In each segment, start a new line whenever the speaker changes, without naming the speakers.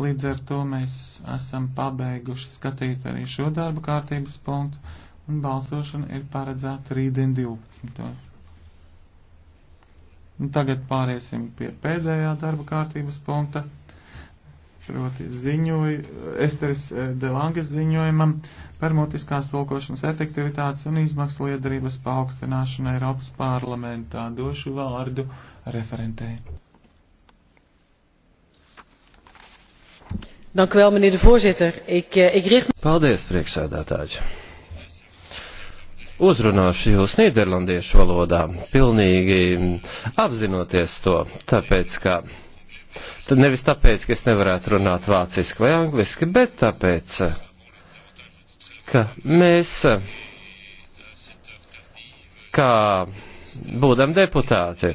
Līdz ar to mēs esam pabeiguši skatīt arī šo darba kārtības punktu, un balsošana ir paredzēta rītdien 12. Un tagad pāriesim pie pēdējā darba kārtības punkta, proti ziņoju, Esteris eh, Delangas ziņojumam par mutiskās tulkošanas efektivitātes un izmaksu liederības paaugstināšanu Eiropas parlamentā. Došu vārdu
referentēji. Eh, Paldies, priekšsēdētāji! Uzrunāšu jūs nīderlandiešu valodā, pilnīgi apzinoties to, tāpēc, ka tad nevis tāpēc, ka es nevarētu runāt vāciski vai angliski, bet tāpēc, ka mēs, kā būdam deputāti,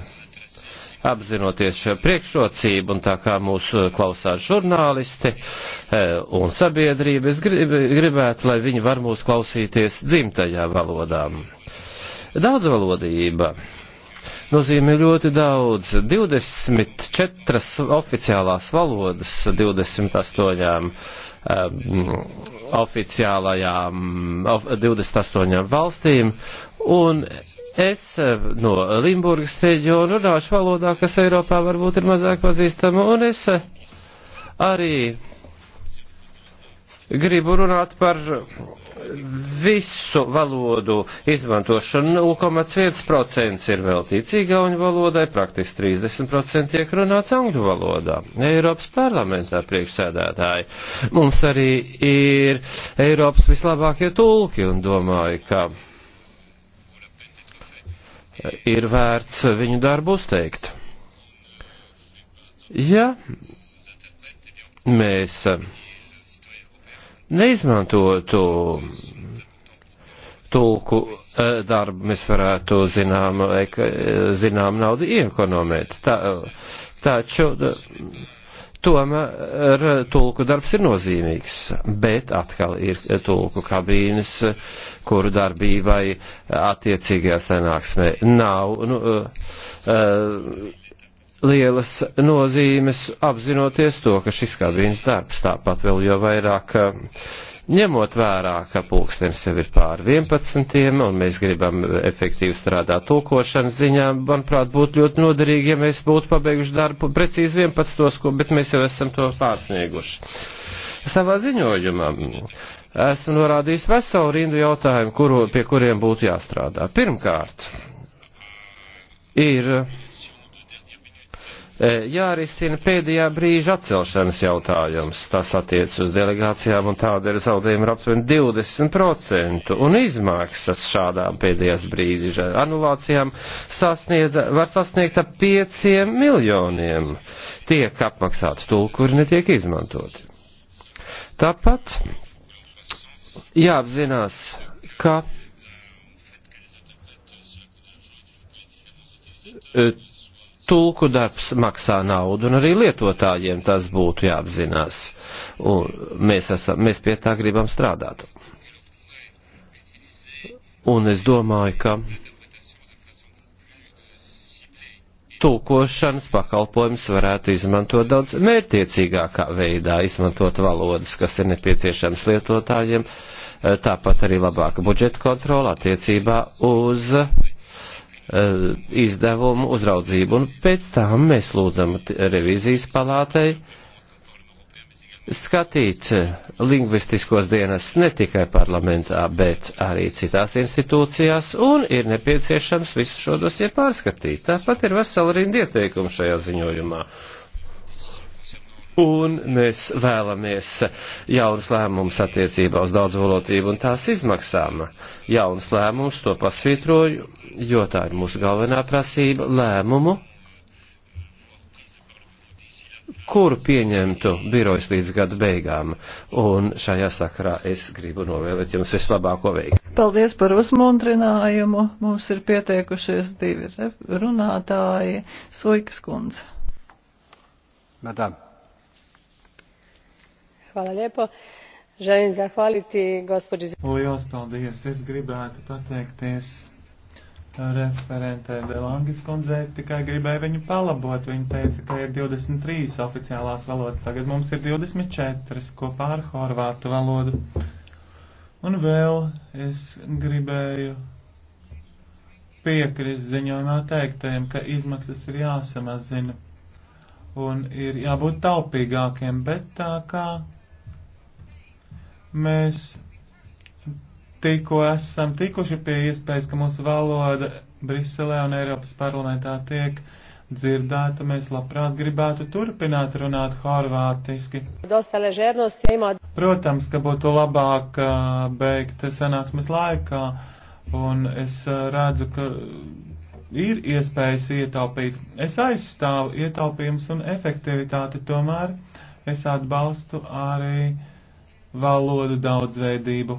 apzinoties šo priekšrocību un tā kā mūsu eh, klausās žurnālisti eh, un sabiedrība, es grib, gribētu, lai viņi var mūs klausīties dzimtajā valodā. Daudzvalodība nozīmē ļoti daudz. 24 oficiālās valodas, 28 um, oficiālajām, of, 28 valstīm, un es no Limburgas reģiona runāšu valodā, kas Eiropā varbūt ir mazāk pazīstama, un es arī gribu runāt par visu valodu izmantošanu. 0,1% ir veltīts īgauņu valodai, praktiski 30% tiek runāts angļu valodā. Eiropas parlamentā priekšsēdētāji. Mums arī ir Eiropas vislabākie tulki un domāju, ka ir vērts viņu darbu uzteikt. Ja mēs neizmantotu tulku eh, darbu, mēs varētu zinām, eh, zinām naudu iekonomēt. Tā, taču tomēr er, tulku darbs ir nozīmīgs, bet atkal ir tulku kabīnes, kuru darbībai attiecīgajā sanāksmē nav. Nu, uh, uh, lielas nozīmes, apzinoties to, ka šis kā viens darbs tāpat vēl jo vairāk ņemot vērā, ka pulkstenis jau ir pār 11 un mēs gribam efektīvi strādāt tulkošanas ziņā, manuprāt, būtu ļoti noderīgi, ja mēs būtu pabeiguši darbu precīzi 11, ko, bet mēs jau esam to pārsnieguši. Savā ziņojumā esmu norādījis veselu rindu jautājumu, kuru, pie kuriem būtu jāstrādā. Pirmkārt, ir E, jārisina pēdējā brīža atcelšanas jautājums. Tas attiec uz delegācijām un tāda ir zaudējuma aptuveni 20% un izmaksas šādām pēdējās brīža anulācijām sasniedza, var sasniegt ap 5 miljoniem. Tiek apmaksāti tulku, kuri netiek izmantoti. Tāpat jāapzinās, ka e, tulku darbs maksā naudu, un arī lietotājiem tas būtu jāapzinās. Un mēs, esam, mēs pie tā gribam strādāt. Un es domāju, ka tulkošanas pakalpojums varētu izmantot daudz mērtiecīgākā veidā, izmantot valodas, kas ir nepieciešams lietotājiem, tāpat arī labāka budžeta kontrola attiecībā uz uh, Eh, izdevumu uzraudzību. Un pēc tam mēs lūdzam revizijas palātei skatīt eh, lingvistiskos dienas ne tikai parlamentā, bet arī citās institūcijās, un ir nepieciešams visu šo dosie pārskatīt. Tāpat ir vesela rinda ieteikumu šajā ziņojumā. Uh, un mēs vēlamies jaunus lēmumus attiecībā uz daudzvalotību un tās izmaksām. Jaunus lēmumus to pasvītroju, jo tā ir mūsu galvenā prasība lēmumu, kuru pieņemtu birojas līdz gada beigām. Un šajā sakarā es gribu novēlēt jums vislabāko veikt.
Paldies par uzmundrinājumu. Mums ir pieteikušies divi runātāji. Suikas kundze. Madame. Hvala lijepo. Želim zahvaliti gospođi... Lielas paldies! Es gribētu pateikties referentē Delangis kundzei, tikai gribēju viņu palabot. Viņa teica, ka ir 23 oficiālās valodas, tagad mums ir 24 kopā ar horvātu valodu. Un vēl es gribēju piekrist ziņojumā teiktajiem, ka izmaksas ir jāsamazina un ir jābūt taupīgākiem, bet tā kā Mēs tikko esam tikuši pie iespējas, ka mūsu valoda Briselē un Eiropas parlamentā tiek dzirdēta. Mēs labprāt gribētu turpināt runāt horvātiski. Protams, ka būtu labāk beigt sanāksmes laikā, un es redzu, ka ir iespējas ietaupīt. Es aizstāvu ietaupījums un efektivitāti, tomēr es atbalstu arī valodu daudzveidību.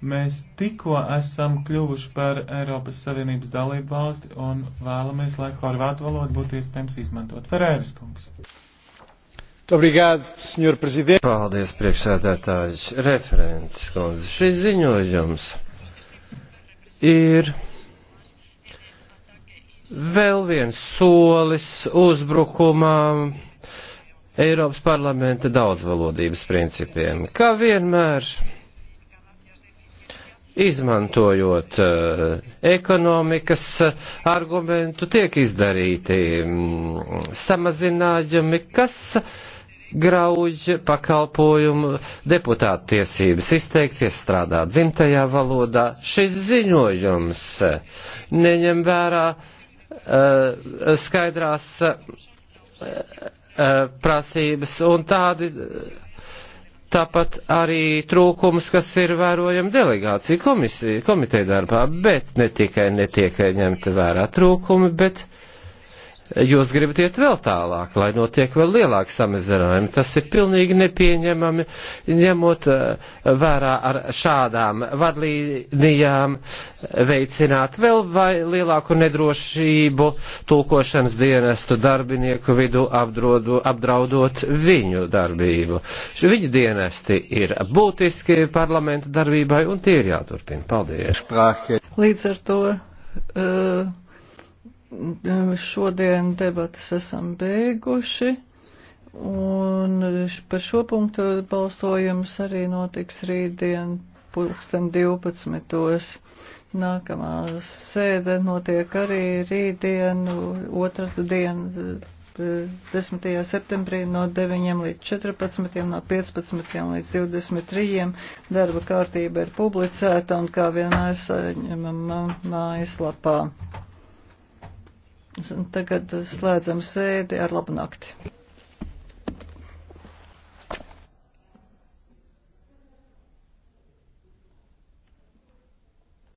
Mēs tikko esam kļuvuši par Eiropas Savienības dalību valsti un vēlamies, lai horvātu valodu būtu iespējams izmantot. Ferēras kungs.
Obrigado, senhor presidente. Paldies, priekšsēdētājs. Referents, kundze. Šis ziņojums ir vēl viens solis uzbrukumam Eiropas parlamenta daudzvalodības principiem, kā vienmēr izmantojot uh, ekonomikas eh, argumentu, tiek izdarīti mm, samazinājumi, kas grauj pakalpojumu deputātu tiesības izteikties, strādāt dzimtajā valodā. Šis ziņojums eh, neņem vērā uh, skaidrās uh, prasības un tādi tāpat arī trūkums, kas ir vērojami delegācija komisija, komiteja darbā, bet ne tikai netiek ņemta vērā trūkumi, bet uh, jūs gribat iet vēl tālāk, lai notiek vēl lielāki samazinājumi. Tas ir pilnīgi nepieņemami, ņemot eh, vērā ar šādām vadlīnijām veicināt vēl vai lielāku nedrošību tulkošanas dienestu darbinieku vidu apdrodu, apdraudot viņu darbību. Viņa dienesti ir būtiski parlamenta darbībai un tie ir jāturpina. Paldies!
Līdz ar to. Uh Šodien debatas esam beiguši. Un par šo punktu balsojums arī notiks rītdien pulksten 12. Nākamā sēde notiek arī rītdien, otrdien, 10. septembrī no 9 līdz 14, no 15 līdz 23. Darba kārtība ir publicēta un kā vienmēr saņemama mājaslapā. Tagad slēdzam sēdi ar labu nakti.